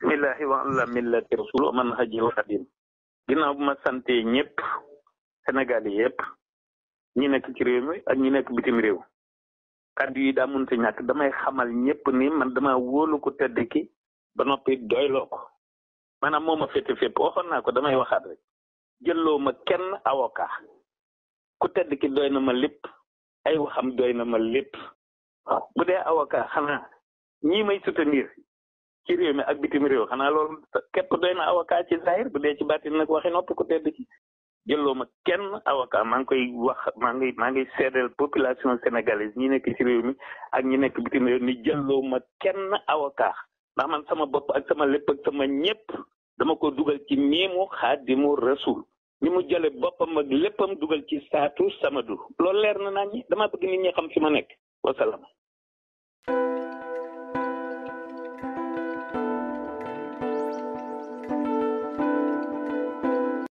billahi wa ala millati rasul man hajil xadim ginnaaw bu ma sante ñëpp sénégal yi ñi nekk ci réew mi ak ñi nekk bitim réew kàddu yi daa mun si ñàkk damay xamal ñëpp ni man dama wóolu ko tedd ki ba noppi doyloo ko maanaam moo ma féete fépp waxoon naa ko damay waxaat rek jëlloo ma kenn awoka ku tedd ki doy ma lépp ay waxam doy na ma lépp bu dee avocat xanaa ñii soutenir ci réew mi ak bitim réew xanaa loolu képp doy na avocat ci zahir bu dee ci baatin nag waxi noppi ko tedd ci jëlloo ma kenn avocat maa ngi koy wax maa ngi maa ngi seedal population sénégalaise ñi nekk ci réew mi ak ñi nekk bitim réew ni jëlloo ma kenn avocat ndax man sama bopp ak sama lépp ak sama ñépp dama ko dugal ci miimu xaadimu rasul ni mu jële boppam ak léppam dugal ci saatu sama du loolu leer na naa ñi dama bëgg nit ñi xam fi ma nekk wasalaam